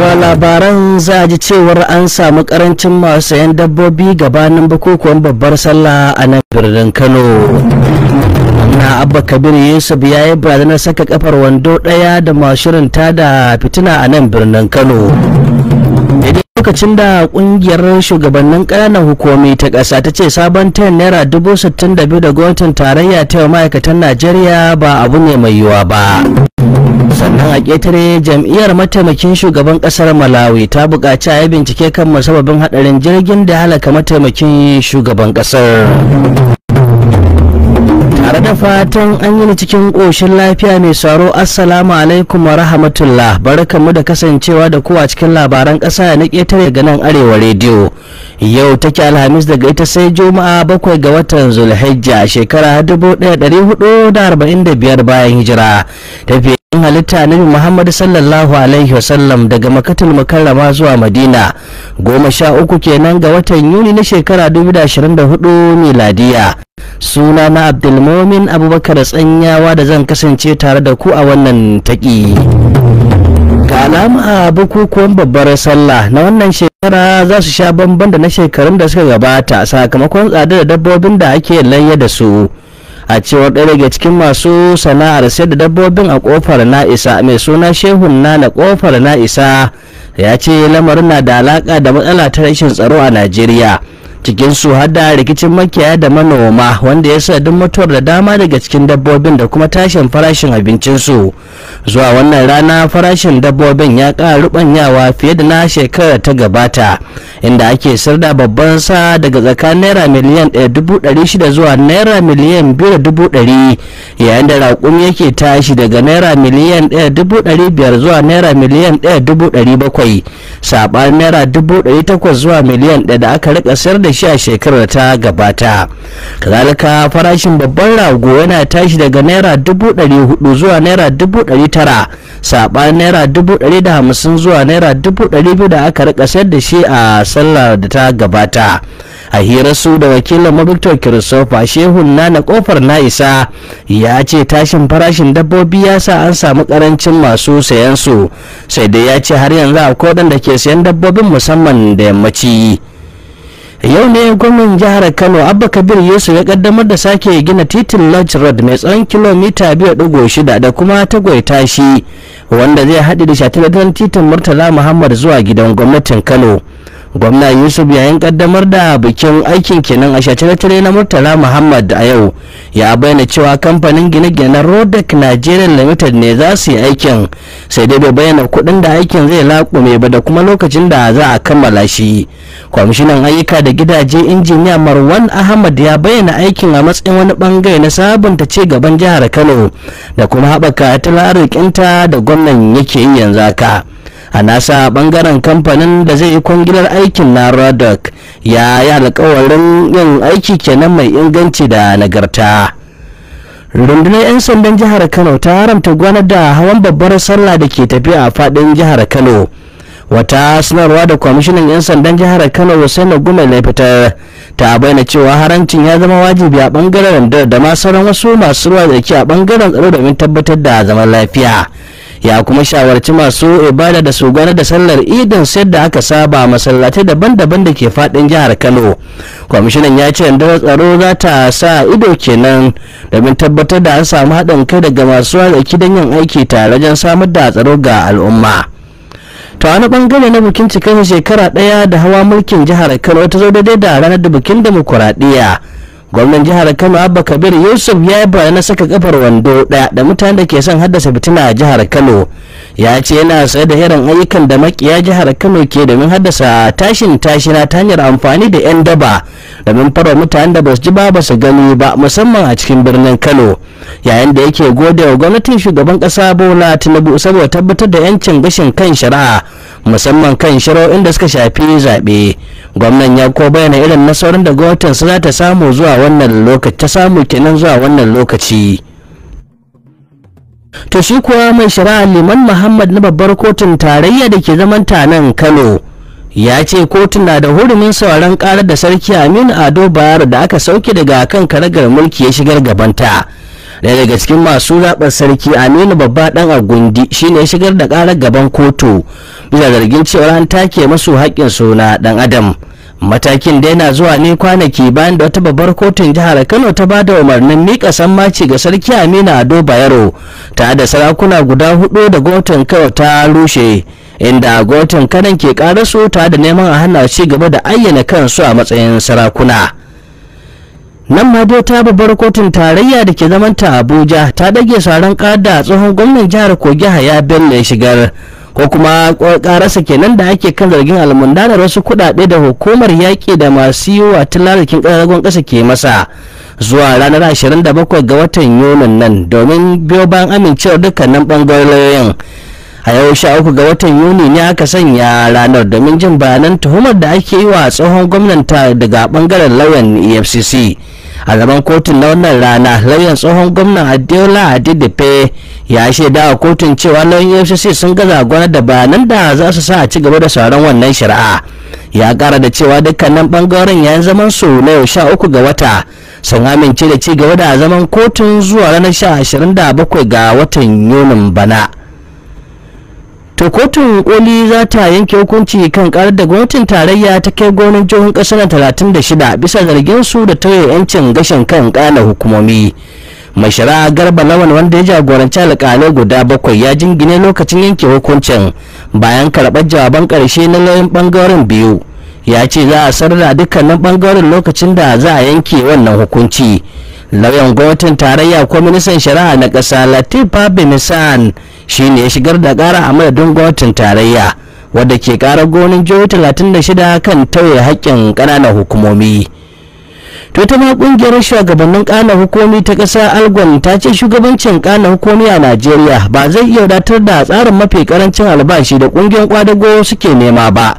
ba labaran za a ji cewar an samu karancin masu sayan dabbobi gabanin bukukuwan babbar sallah a nan birnin kano na abba kabir yusuf ya yi barazanar saka kafar wando daya da mashirin tada fitina a nan birnin kano lokacin da kungiyar shugabannin ƙananan hukumi ta ƙasa ta ce sabon tayin naira dubu sittin da biyu da gwamnatin tarayya ta ma'aikatan najeriya ba abu ne mai yiwuwa ba sannan a ƙetare jam'iyyar mataimakin shugaban ƙasar malawi ta buƙaci a yi bincike kan masababin haɗarin jirgin da halaka mataimakin shugaban ƙasar da fatan an yi cikin ƙoshin lafiya mai saro assalamu alaikum wa rahmatullah barkanmu da kasancewa da kowa cikin labaran ƙasa na ƙetare daga nan arewa rediyo yau take alhamis daga ita sai juma'a bakwai ga watan zulhijja shekara 1445 bayan hijira fiyayyen halitta nabi muhammad sallallahu alaihi wasallam daga makatul mukarrama zuwa madina goma sha uku kenan ga watan yuni na shekara 2024 miladiya suna na abdulmomin abubakar tsanyawa da zan kasance tare da ku a wannan taƙi ga a bukukuwan babbar sallah na wannan shekara za su sha bamban da na shekarun da suka gabata sakamakon tsada da dabbobin da ake layya da su a cewar ɗaya daga cikin masu sana'ar sayar da dabbobin a kofar na'isa mai suna shehun na na kofar na'isa ya ce lamarin na da alaka da matsala ta rashin tsaro a najeriya cikinsu har da rikicin makiyaya da manoma wanda ya sa duk mutuwar da dama daga cikin dabbobin da kuma tashin farashin abincinsu zuwa wannan rana farashin dabbobin ya ƙara rubanyawa fiye da na shekarar ta gabata inda ake sirda babban sa daga tsakanin naira miliyan 1,600 zuwa naira miliyan 2,100 yayin da raƙum yake tashi daga naira miliyan 1,500 zuwa naira miliyan 1,700 saɓar naira 1,800 zuwa miliyan 1 da aka rika sayar da da shi a shekarar ta gabata kazalika farashin babban rago yana tashi daga naira dubu ɗari hudu zuwa naira dubu ɗari tara saba naira dubu ɗari da hamsin zuwa naira dubu ɗari biyu da aka rika sayar da shi a sallar da ta gabata a hirar su da wakilin mabiktor kirisofa shehun na na kofar na isa ya ce tashin farashin dabbobi ya sa an samu karancin masu sayan su sai dai ya ce har yanzu akwai da ke sayan dabbobin musamman da yammaci yau ne gwamnan jihar kano abba kabir yusuf ya kaddamar da sake gina titin lodge road mai tsawon kilomita 2.6 da kuma tagwaita shi wanda zai haɗe da shataletaren titin murtala muhammad zuwa gidan gwamnatin kano gwamna yusuf yayin kaddamar da bikin aikin kenan a shatire na murtala muhammad a yau ya bayyana cewa kamfanin gine-ginen rodak Nigerian limited ne za su yi aikin sai dai bai bayyana kuɗin da aikin zai laƙume ba da kuma lokacin da za a kammala shi kwamishinan ayyuka da gidaje injiniya marwan ahmad ya bayyana aikin a matsayin wani bangare na sabunta ci gaban jihar kano da kuma haɓaka talarikinta arzikinta da gwamnan yake yi yanzu haka. a nasa bangaren kamfanin da zai yi kwangilar aikin na rodok ya yi alkawarin yin aiki kenan mai inganci da nagarta rundunar 'yan sandan jihar kano ta haramta gwanar da hawan babbar sallah da ke tafiya a fadin jihar kano wata sanarwa da kwamishinan 'yan sandan jihar kano hussein gumel na fitar ta bayyana cewa harancin ya zama wajibi a bangaren da ma sauran wasu masu ruwa da ke a bangaren tsaro domin tabbatar da zaman lafiya ya kuma shawarci masu ibada da su gane da sallar idan sai da aka saba masallatai daban-daban da ke fadin jihar kano kwamishinan ya ce yandar tsaro za ta sa ido kenan domin tabbatar da an samu haɗin kai daga masu aiki don yin aiki tare wajen samar da tsaro ga al'umma to wani bangare na bikin cikin shekara ɗaya da hawa mulkin jihar kano ta zo daidai da ranar da bikin demokuraɗiyya gwamnan jihar kano abba kabir yusuf ya yi na saka kafar wando ɗaya da mutane da ke son haddasa fitina a jihar kano ya ce yana sayar da irin ayyukan da makiya jihar kano ke domin haddasa tashin tashina ta hanyar amfani da 'yan daba domin fara mutanen da basu ji ba basu gani ba musamman a cikin birnin kano yayin da yake gode wa gwamnatin shugaban ƙasa bola tinubu saboda tabbatar da 'yancin gashin kan shari'a musamman kan shari'o'in da suka shafi zaɓe gwamnan ya ko bayyana irin nasarorin da gwamnatin su za ta samu zuwa wannan lokaci ta samu kenan zuwa wannan lokaci to shi kuwa mai shari'a liman muhammad na babbar kotun tarayya da ke zaman nan kano ya ce kotun na da hurumin sauran karar da sarki aminu ado bayero da aka sauke daga kan karagar mulki ya shigar gabanta Daya daga cikin masu zaɓar sarki aminu babba dan agundi shine ya shigar da karar gaban kotu bisa zargin cewar an take masu haƙƙin suna ɗan adam matakin da yana zuwa ne kwanaki bayan da wata babbar kotun jihar kano ta ba da umarnin mika sammaci ga sarki aminu ado bayero tare da sarakuna guda hudu da gwamnatin kano ta rushe inda gwamnatin kanan ke karasu tare da neman a hana ci gaba da ayyana kansu a matsayin sarakuna nan ma dai ta babbar kotun tarayya da ke zaman ta abuja ta dage saran kada tsohon gwamnan jihar kogi haya bello ya shigar ko kuma karasa kenan da ake kan zargin almundanar wasu kuɗaɗe da hukumar yaƙi da masu yi wa tallarikin ƙararragon ƙasa ke masa zuwa ranar 27 ga watan yunin nan domin biyo bayan amincewar dukkanin ɓangarorin a yau sha uku ga watan yuni ne aka sanya ranar domin jin bayanan tuhumar da ake yi wa tsohon gwamnati daga bangaren lauyan efcc a zaman kotun na wannan rana lauyan tsohon gwamnan adeola adedepe ya shaida a kotun cewa lauyan sai sun gaza gwana da bayanan da za su sa a ci gaba da sauran wannan shari'a ya kara da cewa dukkanin bangaren yayin zaman su na yau sha uku ga wata sun amince da ci gaba da zaman kotun zuwa ranar sha ashirin da bakwai ga watan yunin bana to kotun koli za ta yanke hukunci kan karar da gwamnatin tarayya ta kai gwamnatin jihohin kasar 36 bisa zargin su da tauye yancin gashin kan kana hukumomi mai shari'a garba lawan wanda ya jagoranci alƙalai guda bakwai ya jingine lokacin yanke hukuncin bayan karɓar jawaban ƙarshe na lauyan ɓangaren biyu ya ce za a sarra dukkanin ɓangaren lokacin da za a yanke wannan hukunci lauyan gwamnatin tarayya ko ministan shari'a na ƙasa latif benisan shine ya shigar da kara a madadin gwamnatin tarayya wadda ke karar gonin jihohi shida kan tauye haƙƙin ƙananan hukumomi to ta ma kungiyar shugabannin ƙananan hukumomi ta ƙasa algon ta ce shugabancin ƙananan hukumomi a najeriya ba zai iya wadatar da tsarin mafi karancin albashi da ƙungiyar kwadago suke nema ba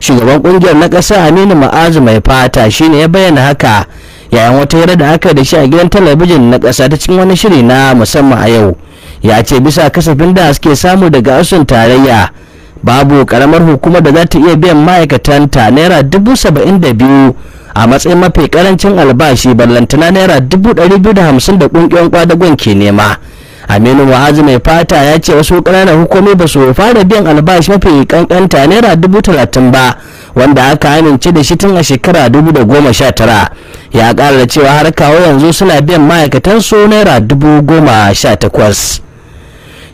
shugaban kungiyar na ƙasa aminu ma'azu mai fata shi ne ya bayyana haka yayin wata hira da aka da shi a gidan talabijin na ƙasa ta cikin wani shiri na musamman a yau ya ce bisa kasafin da suke samu daga asusun tarayya babu karamar hukumar da za ta iya biyan ma'aikatanta naira dubu saba'in da biyu a matsayin mafi karancin albashi ballantana naira dubu ɗari biyu da hamsin da ƙungiyar kwadagon ke nema aminu muhazi mai fata ya ce wasu ƙananan hukumi ba su fara biyan albashi mafi ƙanƙanta naira dubu talatin ba wanda aka amince da shi tun a shekara dubu da goma sha tara ya ƙara da cewa har kawo yanzu suna biyan ma'aikatansu naira dubu goma sha takwas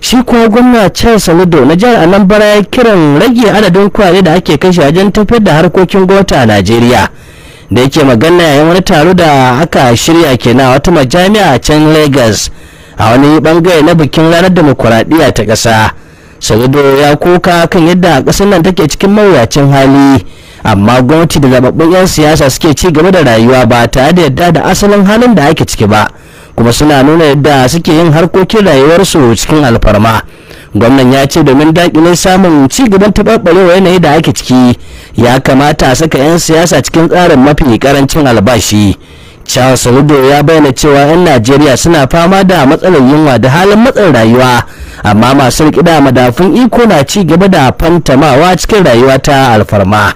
shi kuwa gwamna charles saludo na jihar anambra ya kiran rage adadin kuɗaɗe da ake kashe wajen tafiyar da harkokin gwamnati a najeriya da yake magana yayin wani taro da aka shirya kenan wata majami'a a can lagos a wani bangare na bikin ranar demokuraɗiyya ta ƙasa saludo ya koka kan yadda ƙasar nan take cikin mawuyacin hali amma gwamnati da zababbun 'yan siyasa suke ci gaba da rayuwa ba tare da yadda da asalin halin da ake ciki ba kuma suna nuna yadda suke yin harkokin rayuwarsu cikin alfarma gwamnan ya ce domin dakile samun ci gaban taɓarɓarewa yanayi da ake ciki ya kamata a saka 'yan siyasa cikin tsarin mafi karancin albashi charles rudo ya bayyana cewa 'yan najeriya suna fama da matsalar yunwa da halin matsin rayuwa amma masu rikida madafun iko na ci gaba da fantamawa cikin rayuwa ta alfarma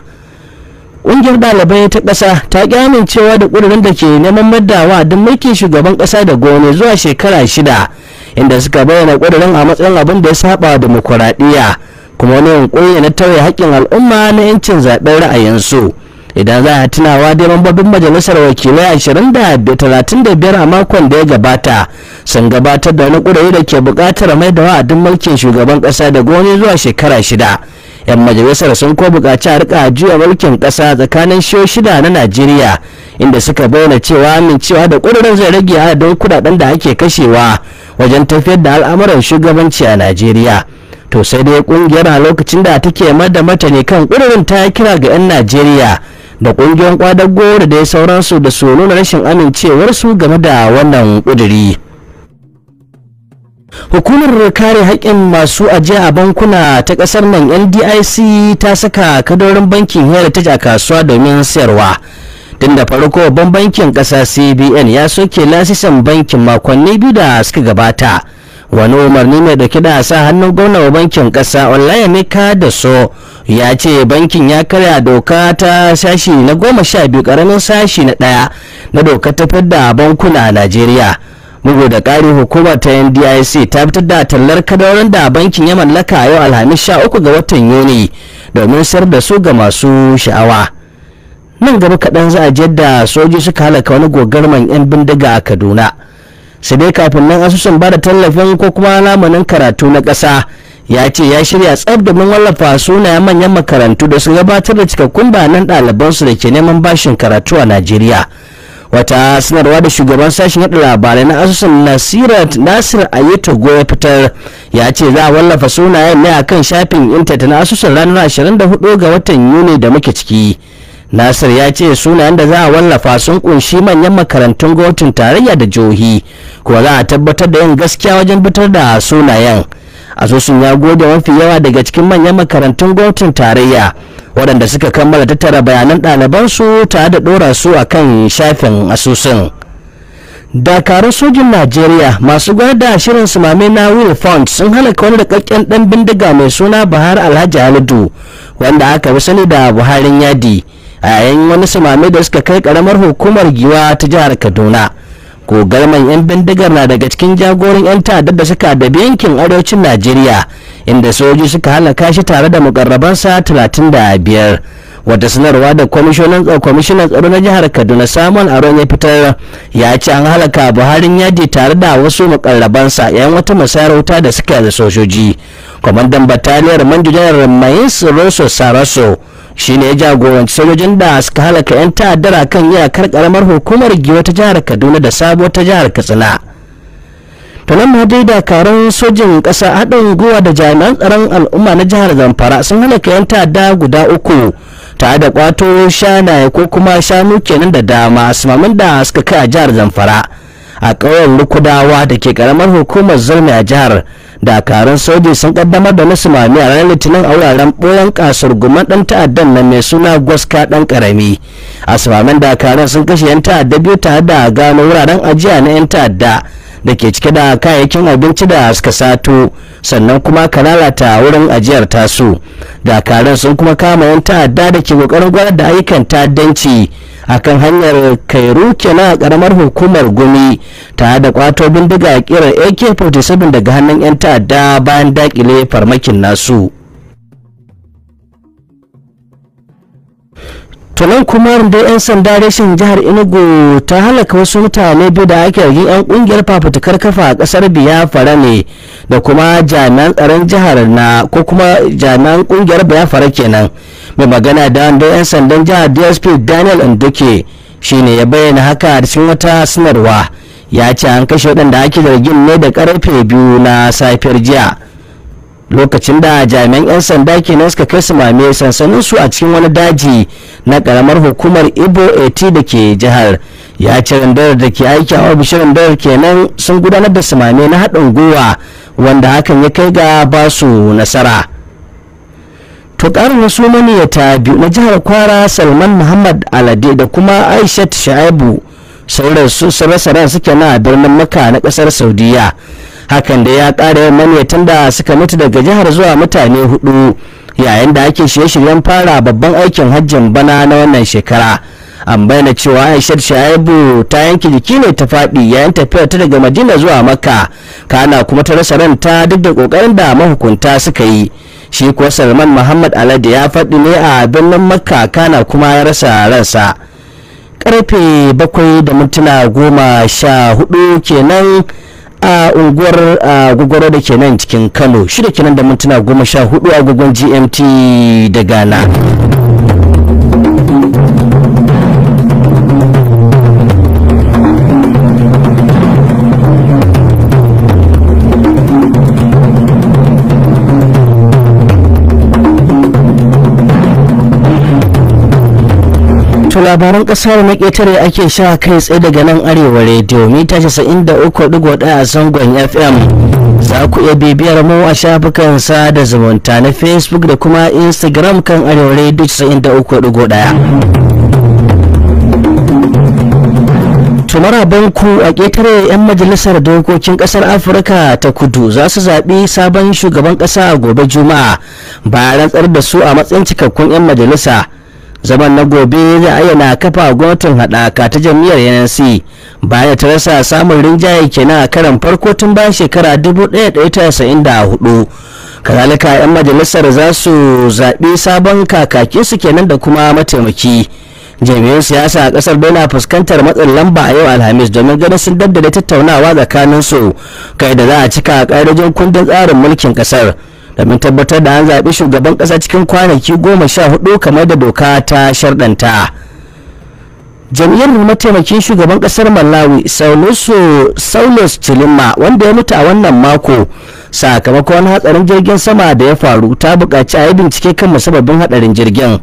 ƙungiyar ɗalibai ta ƙasa ta ƙi amincewa da ƙudurin da ke neman maddawa don mulkin shugaban ƙasa da gome zuwa shekara shida inda suka bayyana ƙudurin a matsayin abin da ya saba demokuraɗiyya kuma wani yankun na tauye haƙƙin al'umma na 'yancin zaɓen ra'ayinsu idan za a tunawa dai mambobin majalisar wakilai ashirin da da biyar a makon da ya gabata sun gabatar da wani ƙudurin da ke buƙatar mai da wa'adin mulkin shugaban ƙasa da gome zuwa shekara shida 'yan majalisar sun ko buƙaci a rika juya mulkin ƙasa tsakanin shiyo shida na najeriya inda suka bayyana cewa amincewa da ƙudurin zai rage adadin kudaden da ake kashewa wajen tafiyar da al'amuran shugabanci a najeriya to sai dai ƙungiyar a lokacin da take mada ne kan ƙudurin ta kira ga 'yan najeriya da ƙungiyar kwadago da dai sauransu da su nuna rashin amincewarsu game da wannan ƙuduri. hukumar kare haƙƙin masu ajiya a bankuna ta ƙasar nan ndic ta saka kadorin bankin heritage a kasuwa domin sayarwa tun da farko babban bankin ƙasa cbn ya soke lasisin bankin makonni biyu da suka gabata wani umarni mai dauke da sa hannun gwamnan bankin ƙasa kasa olayemika da so ya ce bankin ya karya doka ta sashi na goma sha biyu karamin sashi na ɗaya na doka tafiyar da bankuna a najeriya bugu da ƙari hukumar ta ndic ta fitar da tallar kadarorin da bankin ya mallaka yau alhamis sha uku ga watan yuni domin sayar da su ga masu sha'awa nan gaba kaɗan za a da soji suka halaka wani gogarman 'yan bindiga a kaduna sai dai kafin nan asusun ba da tallafin ko kuma lamunin karatu na ƙasa ya ce ya shirya tsab domin wallafa sunayen manyan makarantu da su gabatar da cikakkun bayanan ɗalibansu da ke neman bashin karatu a najeriya wata sanarwa da shugaban sashen yada labarai na asusun nasirat nasir ayeto goya fitar ya ce za a wallafa sunayen ne kan shafin intanet na asusun ranar 24 ga watan yuni da muke ciki nasir ya ce sunayen da za a wallafa sun kunshi manyan makarantun gwamnatin tarayya da jihohi kuma za a tabbatar da yin gaskiya wajen fitar da sunayen asusun ya gode mafi yawa daga cikin manyan makarantun gwamnatin tarayya waɗanda suka kammala tattara bayanan ɗalibansu tare da ɗora su a kan shafin asusun dakarun sojin najeriya masu gwada shirin sumame na will fund sun halaka wani rikakken ɗan bindiga mai suna buhari alhaji halidu wanda aka fi sani da buharin yadi a yayin wani sumame da suka kai ƙaramar hukumar giwa ta jihar kaduna kogarman 'yan bindigar na daga cikin jagoran 'yan ta'adda da suka da yankin arewacin najeriya inda sojoji suka halaka shi tare da mukarrabansa 35 wata sanarwa da kwamishinan tsaro na jihar kaduna samuel aron ya fitar ya ce an halaka buharin yadi tare da wasu mukarrabansa yayin wata masarauta da suka da sojoji kwamandan bataliyar manjujar mayis rosso saraso shine ya jagoranci sojojin da suka halaka 'yan ta'addara kan iyakar karamar hukumar giwa ta jihar kaduna da Sabuwar ta jihar katsina tunan ma dai dakarun sojin ƙasa haɗin guwa da jami'an tsaron al'umma na jihar zamfara sun halaka 'yan ta'adda guda uku tare da kwato shanaye ko kuma shanu kenan da dama simamin da suka kai a jihar zamfara a ƙauyen lukudawa da ke karamar hukumar zurmi a jihar dakarun soji sun kaddamar da nasu mami a ranar litinin a wuraren boyan kasar guman dan ta'addan nan mai suna gwaska dan karami asibamin dakarun sun kashe yan ta'adda biyu tare da gano wuraren ajiya na yan ta'adda da ke cike da kayayyakin abinci da suka sato sannan kuma ka lalata wurin ajiyar tasu dakarun sun kuma kama yan ta'adda da ke kokarin gwada da ayyukan ta'addanci akan hanyar kairu kenan a karamar hukumar gumi tare da kwato bindiga a kiran ak-47 daga hannun 'yan ta'adda bayan dakile farmakin nasu tunan kuma da 'yan sanda rashin jihar enugu ta halaka wasu mutane biyu da ake yi 'yan kungiyar fafutukar kafa a kasar biyafara ne da kuma jami'an tsaron jihar na ko kuma jami'an kungiyar bayafara kenan mai magana da wanda 'yan sandan jihar dsp daniel nduke shine ya bayyana haka a cikin wata sanarwa ya ce an kashe waɗanda ake zargin ne da karfe biyu na safiyar jiya lokacin da jami'an 'yan sanda kenan suka kai su mame sansanin su a cikin wani daji na karamar hukumar ibo at da ke jihar ya ce randar da ke aiki a bishirin dar kenan sun gudanar da sumame na haɗin gwiwa wanda hakan ya kai ga basu nasara to ƙarin wasu ta biyu na jihar kwara salman muhammad alade da kuma aishat shaibu sauransu sarasaran suke na birnin maka na ƙasar saudiya hakan da ya ƙara yawan da suka mutu daga jihar zuwa mutane hudu yayin da ake shirye-shiryen fara babban aikin hajjin bana na wannan shekara an bayyana cewa aishar shaibu ta yanke jiki ne ta faɗi yayin tafiyar ta daga madina zuwa makka kana kuma ta rasa ranta duk da ƙoƙarin da mahukunta suka yi shi kuwa salman muhammad alade ya faɗi ne a birnin makka kana kuma ya rasa ransa karfe bakwai da mintuna goma sha hudu kenan a unguwar gugwaro da ke nan cikin kano shida kenan da mintuna goma sha hudu agogon gmt da ghana labaran kasa da na ake sha kai tsaye daga nan arewa rediyo mita 93.1 a zangon fm za ku iya bibiyar mu a shafukan da zumunta na facebook da kuma instagram kan arewa rediyo 93.1 tumara banku a ƙetare 'yan majalisar dokokin ƙasar afirka ta kudu za su zaɓi sabon shugaban ƙasa a gobe juma'a ba a rantsar da su a matsayin cikakkun 'yan majalisa zaman na gobe za zai ayyana kafa gwamnatin haɗaka ta jam'iyyar nnc baya ta rasa samun rinjaye kenan a karan farko tun bayan shekara 1994 kazalika 'yan majalisar za su zaɓi sabon kakakinsu kenan da kuma mataimaki jami'an siyasa a ƙasar bai na fuskantar matsin lamba a yau alhamis domin ganin sun daddada tattaunawa tsakaninsu kai da za a cika ƙa'idojin kundin tsarin mulkin ƙasar. domin tabbatar da an zaɓi shugaban ƙasa cikin kwanaki goma sha hudu kamar da doka ta sharɗanta jam'iyyar mataimakin shugaban kasar malawi saulusu saulus wanda ya mutu a wannan mako sakamakon hatsarin jirgin sama da ya faru ta buƙaci a yi bincike kan musabbabin hatsarin jirgin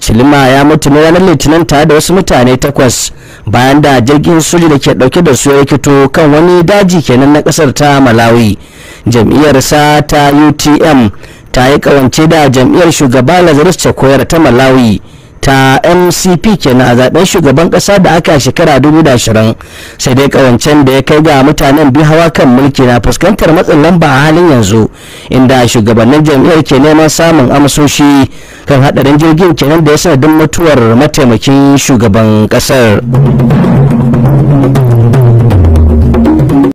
Chilima ya mutu na ranar Litinin tare da wasu mutane takwas bayan da jirgin soja da ke dauke da su ya kito kan wani daji kenan na kasar ta Malawi. sa ta utm ta yi kawance da jam'iyyar shugaba lazarus chakwera ta malawi ta mcp kenan a zaben shugaban kasa da aka shekara 2020 sai dai kawancen da ya kai ga mutanen biyu hawa kan mulki na fuskantar matsin lamba a halin yanzu inda shugabannin jam'iyyar ke neman samun amsoshi kan hadarin jirgin kenan da ya sanadin mutuwar mataimakin shugaban kasar